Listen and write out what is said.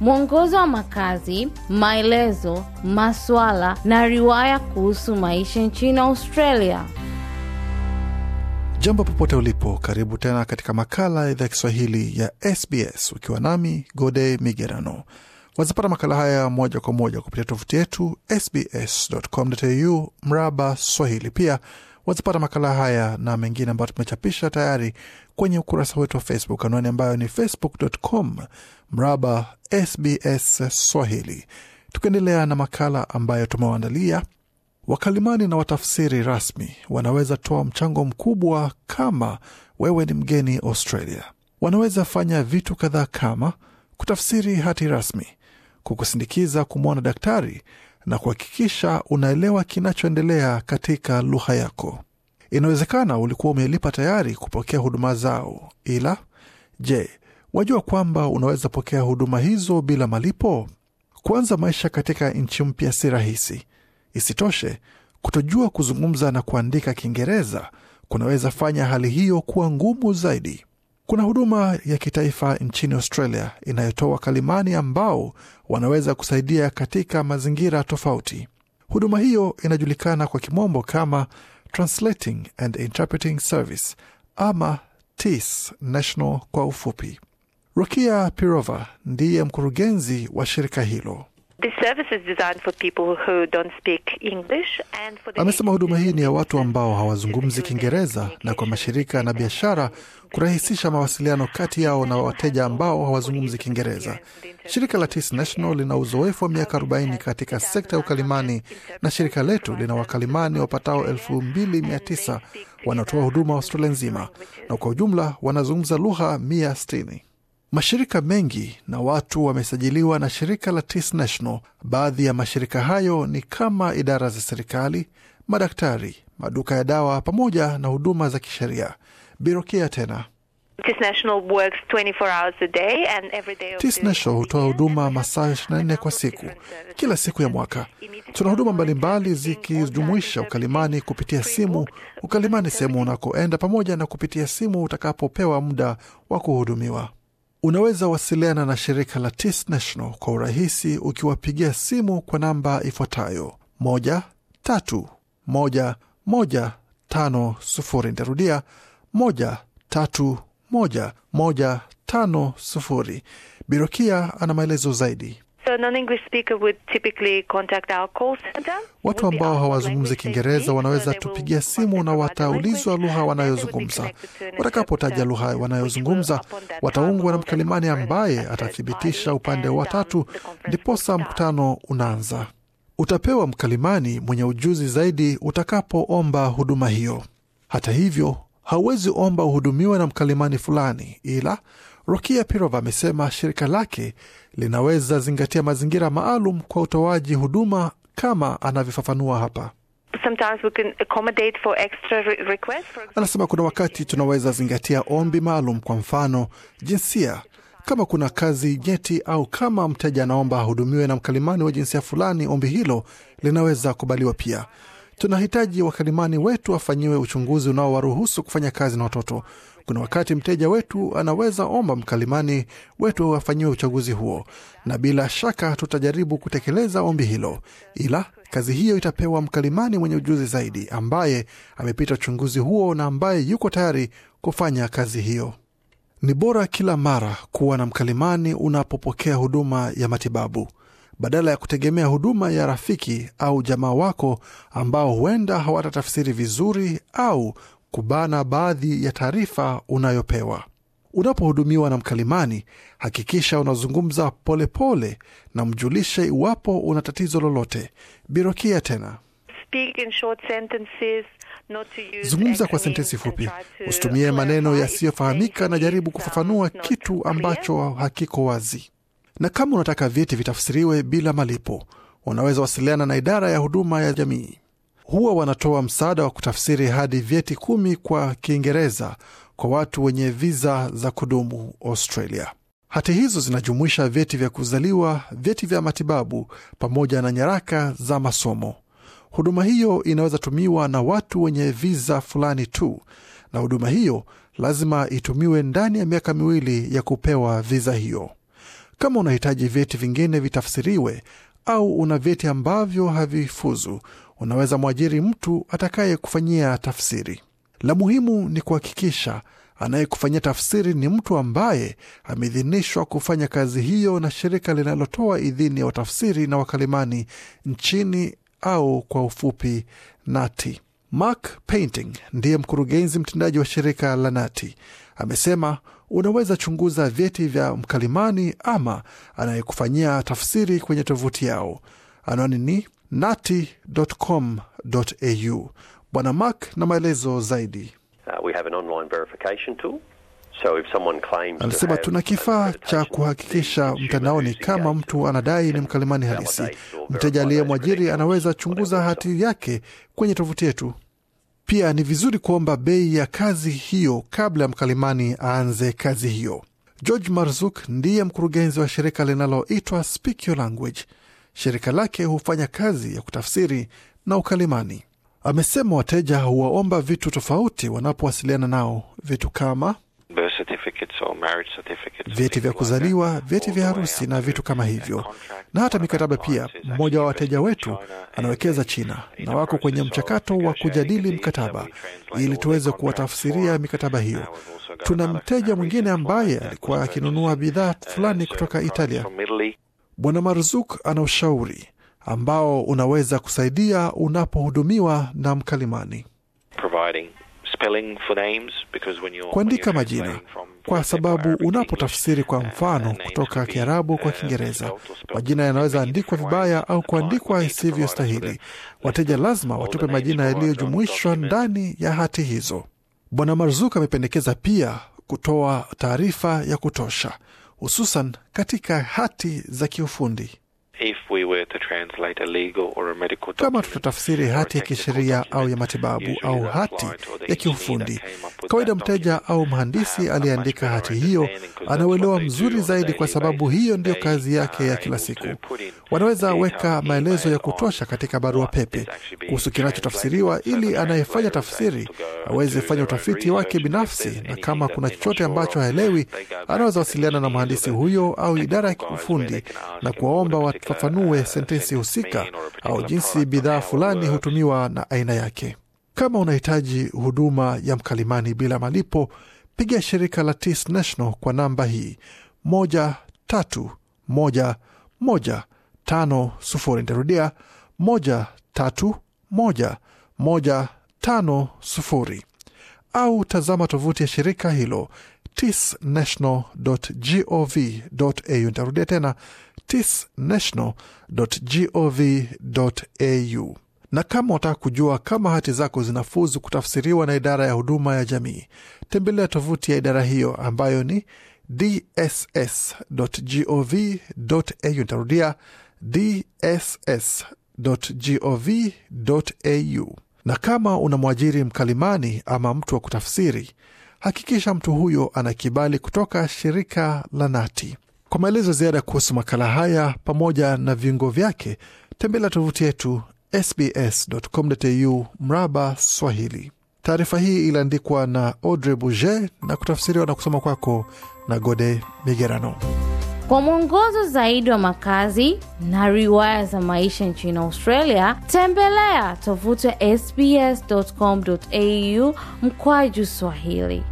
mwongozo wa makazi, maelezo, maswala na riwaya kuhusu maisha nchini Australia. Jambo popote ulipo, karibu tena katika makala ya idhaa ya Kiswahili ya SBS ukiwa nami Gode Migerano. Wazapata makala haya moja kwa moja kupitia tovuti yetu sbscu mraba Swahili. Pia wazapata makala haya na mengine ambayo tumechapisha tayari kwenye ukurasa wetu wa Facebook, anwani ambayo ni facebook.com mraba SBS Swahili. Tukiendelea na makala ambayo tumewaandalia, wakalimani na watafsiri rasmi wanaweza toa mchango mkubwa kama wewe ni mgeni Australia. Wanaweza fanya vitu kadhaa kama kutafsiri hati rasmi, kukusindikiza kumwona daktari na kuhakikisha unaelewa kinachoendelea katika lugha yako. Inawezekana ulikuwa umelipa tayari kupokea huduma zao, ila je, wajua kwamba unaweza pokea huduma hizo bila malipo? Kuanza maisha katika nchi mpya si rahisi. Isitoshe, kutojua kuzungumza na kuandika Kiingereza kunaweza fanya hali hiyo kuwa ngumu zaidi. Kuna huduma ya kitaifa nchini Australia inayotoa kalimani ambao wanaweza kusaidia katika mazingira tofauti. Huduma hiyo inajulikana kwa kimombo kama Translating and Interpreting Service ama TIS National kwa ufupi. Rukia Pirova ndiye mkurugenzi wa shirika hilo. Amesema huduma hii ni ya watu ambao hawazungumzi Kiingereza na kwa mashirika na biashara kurahisisha mawasiliano kati yao na wateja ambao hawazungumzi Kiingereza. Shirika la TIS National lina uzoefu wa miaka 40 katika sekta ya ukalimani na shirika letu lina wakalimani wapatao 2900 wanaotoa huduma Australia nzima, na kwa ujumla wanazungumza lugha 160. Mashirika mengi na watu wamesajiliwa na shirika la Tis National. Baadhi ya mashirika hayo ni kama idara za serikali, madaktari, maduka ya dawa pamoja na huduma za kisheria. Birokia tena Tis National hutoa huduma masaa 24 kwa siku, kila siku ya mwaka. Tuna huduma mbalimbali zikijumuisha ukalimani kupitia simu, ukalimani sehemu unakoenda, pamoja na kupitia simu utakapopewa muda wa kuhudumiwa. Unaweza wasiliana na shirika la TIS National kwa urahisi ukiwapigia simu kwa namba ifuatayo 131150. Nitarudia 131150. Birokia ana maelezo zaidi so non-English speaker would typically contact our call center. Watu ambao hawazungumzi Kiingereza wanaweza tupigia simu na wataulizwa lugha wanayozungumza. Watakapotaja lugha wanayozungumza, wataungwa na mkalimani ambaye atathibitisha upande wa tatu, ndiposa mkutano unaanza. Utapewa mkalimani mwenye ujuzi zaidi utakapoomba huduma hiyo. Hata hivyo, hauwezi omba uhudumiwe na mkalimani fulani, ila Rukia Pirov amesema shirika lake linaweza zingatia mazingira maalum kwa utoaji huduma kama anavyofafanua hapa. Anasema kuna wakati tunaweza zingatia ombi maalum, kwa mfano jinsia, kama kuna kazi nyeti au kama mteja anaomba ahudumiwe na mkalimani wa jinsia fulani, ombi hilo linaweza kubaliwa. Pia tunahitaji wakalimani wetu wafanyiwe uchunguzi unaowaruhusu kufanya kazi na watoto. Kuna wakati mteja wetu anaweza omba mkalimani wetu afanyiwe uchaguzi huo, na bila shaka tutajaribu kutekeleza ombi hilo, ila kazi hiyo itapewa mkalimani mwenye ujuzi zaidi, ambaye amepita uchunguzi huo na ambaye yuko tayari kufanya kazi hiyo. Ni bora kila mara kuwa na mkalimani unapopokea huduma ya matibabu badala ya kutegemea huduma ya rafiki au jamaa wako ambao huenda hawatatafsiri vizuri au kubana baadhi ya taarifa unayopewa. Unapohudumiwa na mkalimani, hakikisha unazungumza polepole pole, na mjulishe iwapo una tatizo lolote. Birokia tena Zungumza kwa sentensi fupi, usitumie maneno yasiyofahamika na jaribu kufafanua kitu ambacho hakiko wazi. Na kama unataka vyeti vitafsiriwe bila malipo, unaweza wasiliana na idara ya huduma ya jamii huwa wanatoa msaada wa kutafsiri hadi vyeti kumi kwa Kiingereza kwa watu wenye viza za kudumu Australia. Hati hizo zinajumuisha vyeti vya kuzaliwa, vyeti vya matibabu pamoja na nyaraka za masomo. Huduma hiyo inaweza tumiwa na watu wenye viza fulani tu, na huduma hiyo lazima itumiwe ndani ya miaka miwili ya kupewa viza hiyo. Kama unahitaji vyeti vingine vitafsiriwe au una vyeti ambavyo havifuzu, unaweza mwajiri mtu atakayekufanyia tafsiri. La muhimu ni kuhakikisha anayekufanyia tafsiri ni mtu ambaye ameidhinishwa kufanya kazi hiyo na shirika linalotoa idhini ya watafsiri na wakalimani nchini au kwa ufupi NATI. Mark Painting ndiye mkurugenzi mtendaji wa shirika la NATI, amesema unaweza chunguza vyeti vya mkalimani ama anayekufanyia tafsiri kwenye tovuti yao. Anwani ni nati.com.au. Bwana Mark na maelezo zaidi. Uh, So anasema tuna kifaa cha kuhakikisha mtandaoni. Kama mtu anadai ni mkalimani halisi, mteja aliyemwajiri anaweza chunguza hati yake kwenye tovuti yetu. Pia ni vizuri kuomba bei ya kazi hiyo kabla ya mkalimani aanze kazi hiyo. George Marzuk ndiye mkurugenzi wa shirika linaloitwa Speak Your Language. Shirika lake hufanya kazi ya kutafsiri na ukalimani. Amesema wateja huwaomba vitu tofauti wanapowasiliana nao, vitu kama vyeti vya kuzaliwa, vyeti vya harusi na vitu kama hivyo, na hata mikataba pia. Mmoja wa wateja wetu anawekeza China na wako kwenye mchakato wa kujadili mkataba ili tuweze kuwatafsiria mikataba hiyo. Tuna mteja mwingine ambaye alikuwa akinunua bidhaa fulani kutoka Italia. Bwana Marzuk ana ushauri ambao unaweza kusaidia unapohudumiwa na mkalimani Providing kuandika majina, kwa sababu unapotafsiri kwa uh, mfano kutoka Kiarabu kwa uh, Kiingereza, majina yanaweza andikwa vibaya au kuandikwa isivyostahili. Wateja lazima watupe majina yaliyojumuishwa ndani ya hati hizo. Bwana Marzuk amependekeza pia kutoa taarifa ya kutosha, hususan katika hati za kiufundi. Kama tutatafsiri hati ya kisheria au ya matibabu au hati ya kiufundi kawaida, mteja au um, mhandisi aliyeandika hati hiyo anauelewa mzuri zaidi, kwa sababu hiyo ndiyo kazi yake ya kila siku. Wanaweza weka maelezo ya kutosha katika barua pepe kuhusu kinachotafsiriwa, ili anayefanya tafsiri aweze fanya utafiti wake binafsi, na kama kuna chochote ambacho haelewi, anaweza wasiliana na mhandisi huyo au idara ya kiufundi na kuwaomba watu afafanue sentensi husika au jinsi bidhaa fulani hutumiwa na aina yake. Kama unahitaji huduma ya mkalimani bila malipo, piga shirika la TIS National kwa namba hii moja Nitarudia moja au tazama tovuti ya shirika hilo tisnational.gov.au. Nitarudia tena tisnational.gov.au. Na kama wataka kujua kama hati zako zinafuzu kutafsiriwa na idara ya huduma ya jamii, tembelea tovuti ya idara hiyo ambayo ni dss.gov.au. Nitarudia, dss.gov.au. Na kama unamwajiri mkalimani ama mtu wa kutafsiri, hakikisha mtu huyo ana kibali kutoka shirika la Nati. Kwa maelezo ziada kuhusu makala haya pamoja na viungo vyake, tembelea tovuti yetu sbs.com.au mraba Swahili. Taarifa hii iliandikwa na Audrey Buget na kutafsiriwa na kusoma kwako na Gode Migerano. Kwa mwongozo zaidi wa makazi na riwaya za maisha nchini Australia, tembelea tovuti ya sbs.com.au mkwaju Swahili.